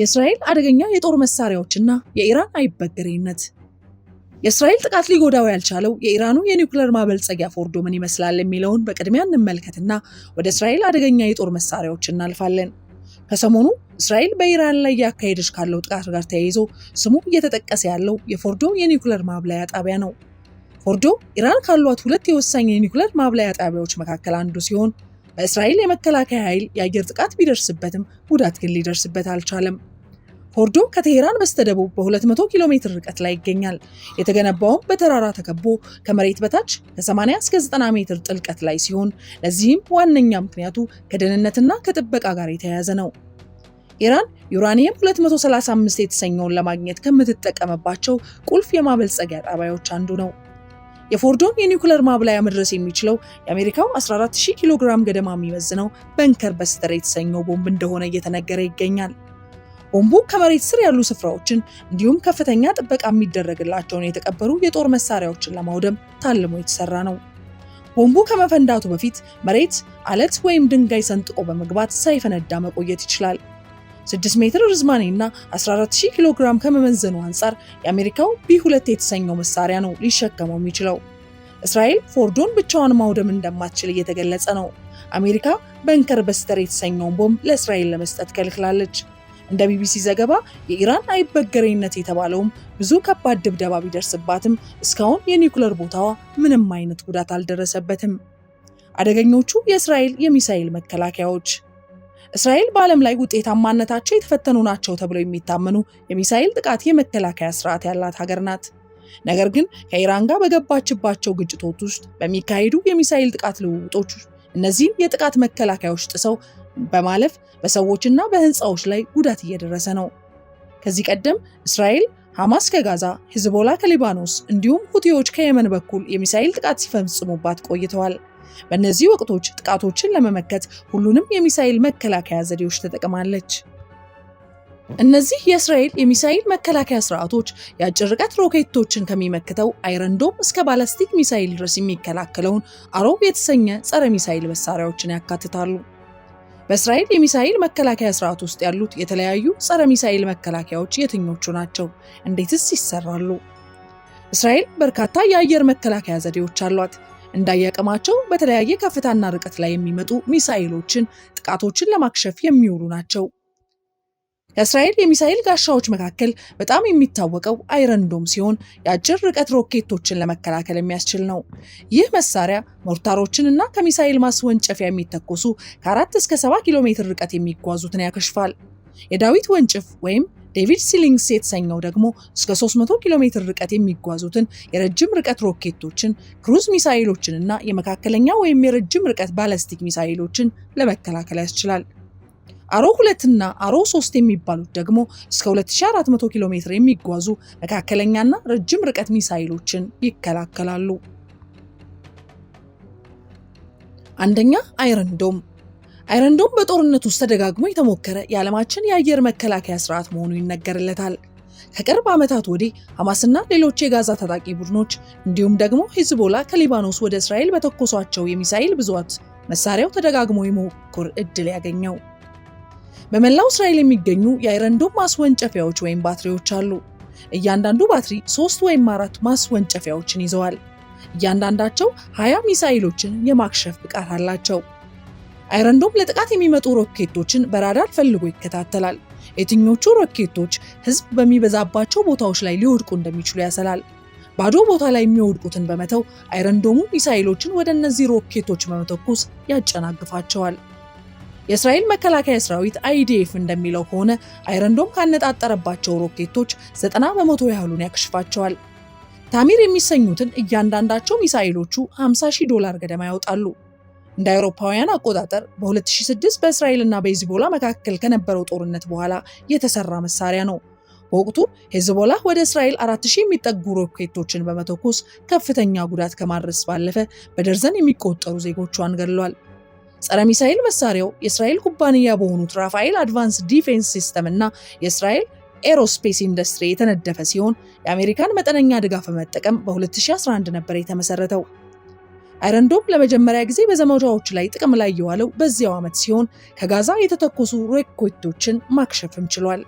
የእስራኤል አደገኛ የጦር መሳሪያዎችና የኢራን አይበገሬነት። የእስራኤል ጥቃት ሊጎዳው ያልቻለው የኢራኑ የኒውክለር ማበልጸጊያ ፎርዶ ምን ይመስላል የሚለውን በቅድሚያ እንመልከትና ወደ እስራኤል አደገኛ የጦር መሳሪያዎች እናልፋለን። ከሰሞኑ እስራኤል በኢራን ላይ እያካሄደች ካለው ጥቃት ጋር ተያይዞ ስሙ እየተጠቀሰ ያለው የፎርዶ የኒውክለር ማብላያ ጣቢያ ነው። ፎርዶ ኢራን ካሏት ሁለት የወሳኝ የኒውክሌር ማብላያ ጣቢያዎች መካከል አንዱ ሲሆን በእስራኤል የመከላከያ ኃይል የአየር ጥቃት ቢደርስበትም ጉዳት ግን ሊደርስበት አልቻለም። ፎርዶ ከቴሄራን በስተደቡብ በ200 ኪሎ ሜትር ርቀት ላይ ይገኛል። የተገነባውም በተራራ ተከቦ ከመሬት በታች ከ80 እስከ 90 ሜትር ጥልቀት ላይ ሲሆን ለዚህም ዋነኛ ምክንያቱ ከደህንነትና ከጥበቃ ጋር የተያያዘ ነው። ኢራን ዩራኒየም 235 የተሰኘውን ለማግኘት ከምትጠቀምባቸው ቁልፍ የማበልጸጊያ ጣቢያዎች አንዱ ነው። የፎርዶን የኒውክለር ማብላያ መድረስ የሚችለው የአሜሪካው 14000 ኪሎ ግራም ገደማ የሚመዝነው በንከር በስተር የተሰኘው ቦምብ እንደሆነ እየተነገረ ይገኛል። ቦምቡ ከመሬት ስር ያሉ ስፍራዎችን እንዲሁም ከፍተኛ ጥበቃ የሚደረግላቸውን የተቀበሩ የጦር መሳሪያዎችን ለማውደም ታልሞ የተሰራ ነው። ቦምቡ ከመፈንዳቱ በፊት መሬት አለት ወይም ድንጋይ ሰንጥቆ በመግባት ሳይፈነዳ መቆየት ይችላል። 6 ሜትር ርዝማኔ እና 140 ኪሎ ግራም ከመመዘኑ አንጻር የአሜሪካው ቢ2 የተሰኘው መሳሪያ ነው ሊሸከመው የሚችለው። እስራኤል ፎርዶን ብቻዋን ማውደም እንደማትችል እየተገለጸ ነው። አሜሪካ በንከር በስተር የተሰኘውን ቦምብ ለእስራኤል ለመስጠት ከልክላለች። እንደ ቢቢሲ ዘገባ የኢራን አይበገሬነት የተባለውም ብዙ ከባድ ድብደባ ቢደርስባትም እስካሁን የኒውክለር ቦታዋ ምንም አይነት ጉዳት አልደረሰበትም። አደገኞቹ የእስራኤል የሚሳኤል መከላከያዎች እስራኤል በዓለም ላይ ውጤታማነታቸው የተፈተኑ ናቸው ተብለው የሚታመኑ የሚሳኤል ጥቃት የመከላከያ ስርዓት ያላት ሀገር ናት። ነገር ግን ከኢራን ጋር በገባችባቸው ግጭቶች ውስጥ በሚካሄዱ የሚሳኤል ጥቃት ልውውጦች እነዚህም የጥቃት መከላከያዎች ጥሰው በማለፍ በሰዎችና በህንፃዎች ላይ ጉዳት እየደረሰ ነው። ከዚህ ቀደም እስራኤል ሐማስ ከጋዛ፣ ሂዝቦላ ከሊባኖስ እንዲሁም ሁቲዎች ከየመን በኩል የሚሳኤል ጥቃት ሲፈጽሙባት ቆይተዋል። በእነዚህ ወቅቶች ጥቃቶችን ለመመከት ሁሉንም የሚሳኤል መከላከያ ዘዴዎች ተጠቅማለች። እነዚህ የእስራኤል የሚሳይል መከላከያ ስርዓቶች የአጭር ርቀት ሮኬቶችን ከሚመክተው አይረንዶም እስከ ባላስቲክ ሚሳይል ድረስ የሚከላከለውን አሮብ የተሰኘ ጸረ ሚሳይል መሳሪያዎችን ያካትታሉ። በእስራኤል የሚሳይል መከላከያ ስርዓት ውስጥ ያሉት የተለያዩ ጸረ ሚሳይል መከላከያዎች የትኞቹ ናቸው? እንዴትስ ይሰራሉ? እስራኤል በርካታ የአየር መከላከያ ዘዴዎች አሏት። እንዳያቀማቸው በተለያየ ከፍታና ርቀት ላይ የሚመጡ ሚሳይሎችን፣ ጥቃቶችን ለማክሸፍ የሚውሉ ናቸው። ከእስራኤል የሚሳኤል ጋሻዎች መካከል በጣም የሚታወቀው አይረንዶም ሲሆን የአጭር ርቀት ሮኬቶችን ለመከላከል የሚያስችል ነው። ይህ መሳሪያ ሞርታሮችን እና ከሚሳኤል ማስወንጨፊያ የሚተኮሱ ከአራት እስከ ሰባ ኪሎ ሜትር ርቀት የሚጓዙትን ያከሽፋል። የዳዊት ወንጭፍ ወይም ዴቪድ ሲሊንግስ የተሰኘው ደግሞ እስከ 300 ኪሎ ሜትር ርቀት የሚጓዙትን የረጅም ርቀት ሮኬቶችን፣ ክሩዝ ሚሳኤሎችን እና የመካከለኛ ወይም የረጅም ርቀት ባለስቲክ ሚሳኤሎችን ለመከላከል ያስችላል። አሮ ሁለትና አሮ ሶስት የሚባሉት ደግሞ እስከ 2400 ኪሎ ሜትር የሚጓዙ መካከለኛና ረጅም ርቀት ሚሳይሎችን ይከላከላሉ። አንደኛ አይረንዶም። አይረንዶም በጦርነት ውስጥ ተደጋግሞ የተሞከረ የዓለማችን የአየር መከላከያ ስርዓት መሆኑ ይነገርለታል። ከቅርብ ዓመታት ወዲህ ሐማስና ሌሎች የጋዛ ታጣቂ ቡድኖች እንዲሁም ደግሞ ሂዝቦላ ከሊባኖስ ወደ እስራኤል በተኮሷቸው የሚሳይል ብዛት መሳሪያው ተደጋግሞ የመሞከር እድል ያገኘው በመላው እስራኤል የሚገኙ የአይረንዶም ማስወንጨፊያዎች ወይም ባትሪዎች አሉ። እያንዳንዱ ባትሪ ሶስት ወይም አራት ማስወንጨፊያዎችን ይዘዋል። እያንዳንዳቸው ሀያ ሚሳይሎችን የማክሸፍ ብቃት አላቸው። አይረንዶም ለጥቃት የሚመጡ ሮኬቶችን በራዳር ፈልጎ ይከታተላል። የትኞቹ ሮኬቶች ህዝብ በሚበዛባቸው ቦታዎች ላይ ሊወድቁ እንደሚችሉ ያሰላል። ባዶ ቦታ ላይ የሚወድቁትን በመተው አይረንዶሙ ሚሳይሎችን ወደ እነዚህ ሮኬቶች በመተኮስ ያጨናግፋቸዋል። የእስራኤል መከላከያ ሰራዊት አይዲኤፍ እንደሚለው ከሆነ አይረንዶም ካነጣጠረባቸው ሮኬቶች 90 በመቶ ያህሉን ያክሽፋቸዋል። ታሚር የሚሰኙትን እያንዳንዳቸው ሚሳኤሎቹ 50 ሺህ ዶላር ገደማ ያወጣሉ። እንደ አውሮፓውያን አቆጣጠር በ2006 በእስራኤልና በሂዝቦላ መካከል ከነበረው ጦርነት በኋላ የተሰራ መሳሪያ ነው። በወቅቱ ሄዝቦላ ወደ እስራኤል 4000 የሚጠጉ ሮኬቶችን በመተኮስ ከፍተኛ ጉዳት ከማድረስ ባለፈ በደርዘን የሚቆጠሩ ዜጎቿን ገድሏል። ጸረ ሚሳኤል መሳሪያው የእስራኤል ኩባንያ በሆኑት ራፋኤል አድቫንስ ዲፌንስ ሲስተም እና የእስራኤል ኤሮስፔስ ኢንዱስትሪ የተነደፈ ሲሆን የአሜሪካን መጠነኛ ድጋፍ በመጠቀም በ2011 ነበር የተመሰረተው። አይረንዶም ለመጀመሪያ ጊዜ በዘመቻዎች ላይ ጥቅም ላይ የዋለው በዚያው ዓመት ሲሆን ከጋዛ የተተኮሱ ሮኬቶችን ማክሸፍም ችሏል።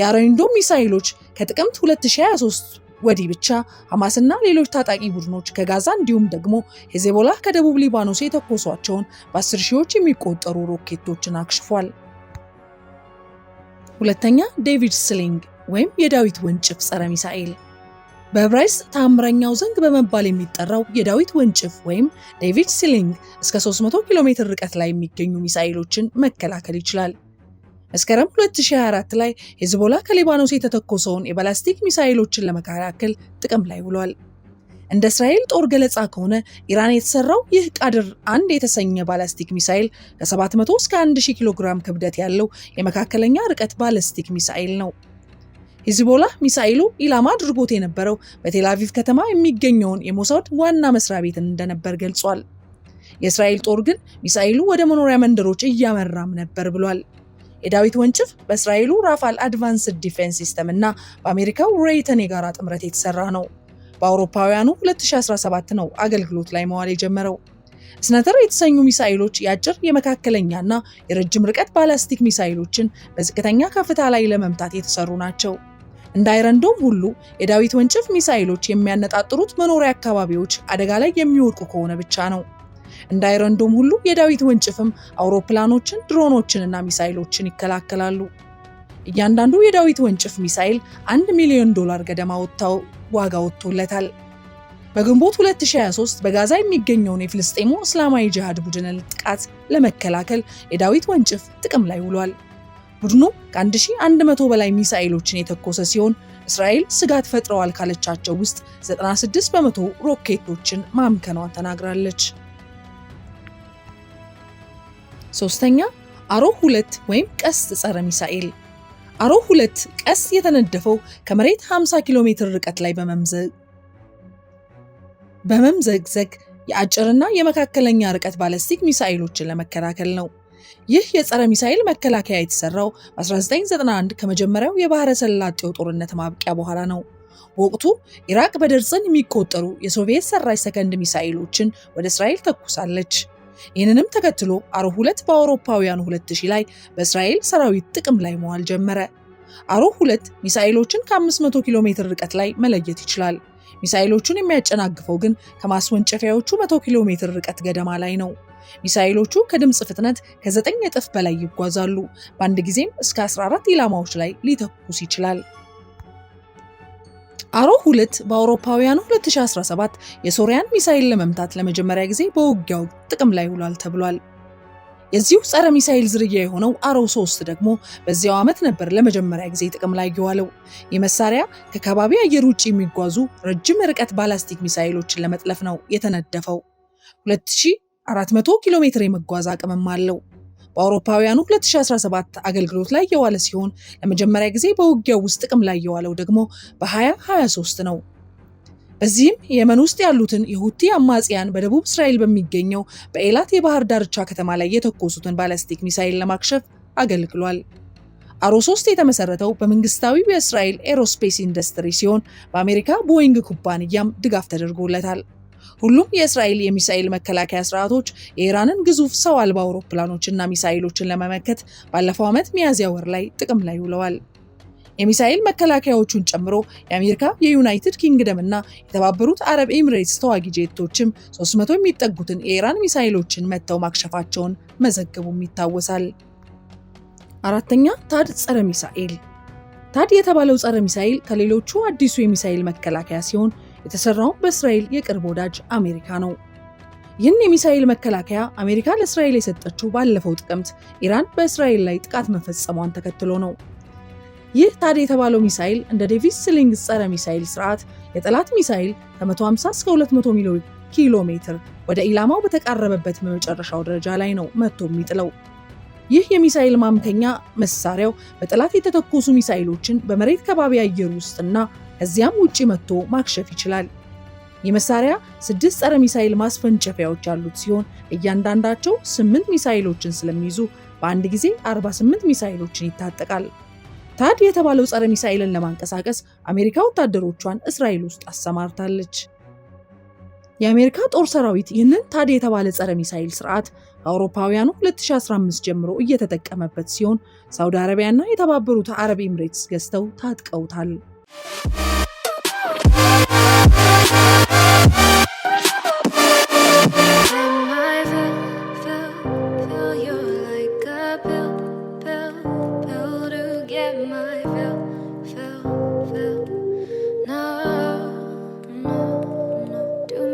የአይረንዶም ሚሳይሎች ከጥቅምት 2023 ወዲህ ብቻ ሐማስና ሌሎች ታጣቂ ቡድኖች ከጋዛ እንዲሁም ደግሞ ሄዜቦላ ከደቡብ ሊባኖስ የተኮሷቸውን በአስር ሺዎች የሚቆጠሩ ሮኬቶችን አክሽፏል። ሁለተኛ ዴቪድ ስሊንግ ወይም የዳዊት ወንጭፍ ጸረ ሚሳኤል በብራይስ ተአምረኛው ዘንግ በመባል የሚጠራው የዳዊት ወንጭፍ ወይም ዴቪድ ሲሊንግ እስከ 300 ኪሎ ሜትር ርቀት ላይ የሚገኙ ሚሳኤሎችን መከላከል ይችላል። መስከረም 2024 ላይ ሄዝቦላ ከሊባኖስ የተተኮሰውን የባላስቲክ ሚሳይሎችን ለመከላከል ጥቅም ላይ ውሏል። እንደ እስራኤል ጦር ገለጻ ከሆነ ኢራን የተሰራው ይህ ቃድር አንድ የተሰኘ ባላስቲክ ሚሳይል ከ700 እስከ 1000 ኪሎ ግራም ክብደት ያለው የመካከለኛ ርቀት ባላስቲክ ሚሳይል ነው። ሂዝቦላ ሚሳኤሉ ኢላማ አድርጎት የነበረው በቴላቪቭ ከተማ የሚገኘውን የሞሳድ ዋና መስሪያ ቤትን እንደነበር ገልጿል። የእስራኤል ጦር ግን ሚሳኤሉ ወደ መኖሪያ መንደሮች እያመራም ነበር ብሏል። የዳዊት ወንጭፍ በእስራኤሉ ራፋል አድቫንስድ ዲፌንስ ሲስተም እና በአሜሪካው ሬይተን የጋራ ጥምረት የተሰራ ነው። በአውሮፓውያኑ 2017 ነው አገልግሎት ላይ መዋል የጀመረው። ስነተር የተሰኙ ሚሳኤሎች የአጭር የመካከለኛና የረጅም ርቀት ባላስቲክ ሚሳኤሎችን በዝቅተኛ ከፍታ ላይ ለመምታት የተሰሩ ናቸው። እንደ አይረንዶም ሁሉ የዳዊት ወንጭፍ ሚሳኤሎች የሚያነጣጥሩት መኖሪያ አካባቢዎች አደጋ ላይ የሚወድቁ ከሆነ ብቻ ነው። እንደ አይረንዶም ሁሉ የዳዊት ወንጭፍም አውሮፕላኖችን፣ ድሮኖችንና ሚሳይሎችን ይከላከላሉ። እያንዳንዱ የዳዊት ወንጭፍ ሚሳይል አንድ ሚሊዮን ዶላር ገደማ ወጥተው ዋጋ ወጥቶለታል። በግንቦት 2023 በጋዛ የሚገኘውን የፍልስጤሙ እስላማዊ ጅሃድ ቡድንን ጥቃት ለመከላከል የዳዊት ወንጭፍ ጥቅም ላይ ውሏል። ቡድኑ ከ1100 በላይ ሚሳኤሎችን የተኮሰ ሲሆን እስራኤል ስጋት ፈጥረዋል ካለቻቸው ውስጥ 96 በመቶ ሮኬቶችን ማምከኗ ተናግራለች። ሶስተኛ አሮ ሁለት ወይም ቀስት ጸረ ሚሳኤል አሮ ሁለት ቀስ የተነደፈው ከመሬት 50 ኪሎ ሜትር ርቀት ላይ በመምዘግዘግ የአጭርና የመካከለኛ ርቀት ባለስቲክ ሚሳኤሎችን ለመከላከል ነው። ይህ የጸረ ሚሳኤል መከላከያ የተሰራው በ1991 ከመጀመሪያው የባህረ ሰላጤው ጦርነት ማብቂያ በኋላ ነው። በወቅቱ ኢራቅ በደርዘን የሚቆጠሩ የሶቪየት ሰራሽ ሰከንድ ሚሳኤሎችን ወደ እስራኤል ተኩሳለች። ይህንንም ተከትሎ አሮ ሁለት በአውሮፓውያን 2000 ላይ በእስራኤል ሰራዊት ጥቅም ላይ መዋል ጀመረ። አሮ ሁለት ሚሳኤሎችን ከ500 ኪሎ ሜትር ርቀት ላይ መለየት ይችላል። ሚሳኤሎቹን የሚያጨናግፈው ግን ከማስወንጨፊያዎቹ 100 ኪሎ ሜትር ርቀት ገደማ ላይ ነው። ሚሳኤሎቹ ከድምፅ ፍጥነት ከ9 እጥፍ በላይ ይጓዛሉ። በአንድ ጊዜም እስከ 14 ኢላማዎች ላይ ሊተኩስ ይችላል። አሮ ሁለት በአውሮፓውያኑ 2017 የሶሪያን ሚሳይል ለመምታት ለመጀመሪያ ጊዜ በውጊያው ጥቅም ላይ ውሏል ተብሏል። የዚሁ ጸረ ሚሳይል ዝርያ የሆነው አሮ ሶስት ደግሞ በዚያው ዓመት ነበር ለመጀመሪያ ጊዜ ጥቅም ላይ የዋለው። ይህ መሳሪያ ከከባቢ አየር ውጭ የሚጓዙ ረጅም ርቀት ባላስቲክ ሚሳይሎችን ለመጥለፍ ነው የተነደፈው። 2400 ኪሎ ሜትር የመጓዝ አቅምም አለው። በአውሮፓውያኑ 2017 አገልግሎት ላይ የዋለ ሲሆን ለመጀመሪያ ጊዜ በውጊያው ውስጥ ጥቅም ላይ የዋለው ደግሞ በ2023 ነው። በዚህም የመን ውስጥ ያሉትን የሁቲ አማጽያን በደቡብ እስራኤል በሚገኘው በኤላት የባህር ዳርቻ ከተማ ላይ የተኮሱትን ባላስቲክ ሚሳይል ለማክሸፍ አገልግሏል። አሮ 3 የተመሰረተው በመንግስታዊው የእስራኤል ኤሮስፔስ ኢንዱስትሪ ሲሆን በአሜሪካ ቦይንግ ኩባንያም ድጋፍ ተደርጎለታል። ሁሉም የእስራኤል የሚሳኤል መከላከያ ስርዓቶች የኢራንን ግዙፍ ሰው አልባ አውሮፕላኖችና ሚሳኤሎችን ለመመከት ባለፈው ዓመት ሚያዝያ ወር ላይ ጥቅም ላይ ውለዋል። የሚሳኤል መከላከያዎቹን ጨምሮ የአሜሪካ የዩናይትድ ኪንግደም እና የተባበሩት አረብ ኤምሬትስ ተዋጊ ጄቶችም 300 የሚጠጉትን የኢራን ሚሳኤሎችን መጥተው ማክሸፋቸውን መዘገቡም ይታወሳል። አራተኛ ታድ ጸረ ሚሳኤል ታድ የተባለው ጸረ ሚሳኤል ከሌሎቹ አዲሱ የሚሳኤል መከላከያ ሲሆን የተሰራውም በእስራኤል የቅርብ ወዳጅ አሜሪካ ነው። ይህን የሚሳኤል መከላከያ አሜሪካ ለእስራኤል የሰጠችው ባለፈው ጥቅምት ኢራን በእስራኤል ላይ ጥቃት መፈጸሟን ተከትሎ ነው። ይህ ታዲያ የተባለው ሚሳኤል እንደ ዴቪስ ስሊንግ ጸረ ሚሳኤል ስርዓት የጠላት ሚሳኤል ከ150 እስከ 200 ሚሊዮን ኪሎ ሜትር ወደ ኢላማው በተቃረበበት በመጨረሻው ደረጃ ላይ ነው መጥቶ የሚጥለው። ይህ የሚሳኤል ማምከኛ መሳሪያው በጠላት የተተኮሱ ሚሳኤሎችን በመሬት ከባቢ አየር ውስጥና ከዚያም ውጪ መጥቶ ማክሸፍ ይችላል። ይህ መሳሪያ ስድስት ጸረ ሚሳይል ማስፈንጨፊያዎች ያሉት ሲሆን እያንዳንዳቸው ስምንት ሚሳይሎችን ስለሚይዙ በአንድ ጊዜ 48 ሚሳይሎችን ይታጠቃል። ታድ የተባለው ጸረ ሚሳይልን ለማንቀሳቀስ አሜሪካ ወታደሮቿን እስራኤል ውስጥ አሰማርታለች። የአሜሪካ ጦር ሰራዊት ይህንን ታድ የተባለ ጸረ ሚሳይል ስርዓት ከአውሮፓውያኑ 2015 ጀምሮ እየተጠቀመበት ሲሆን ሳውዲ አረቢያና የተባበሩት አረብ ኤምሬትስ ገዝተው ታጥቀውታል። Thank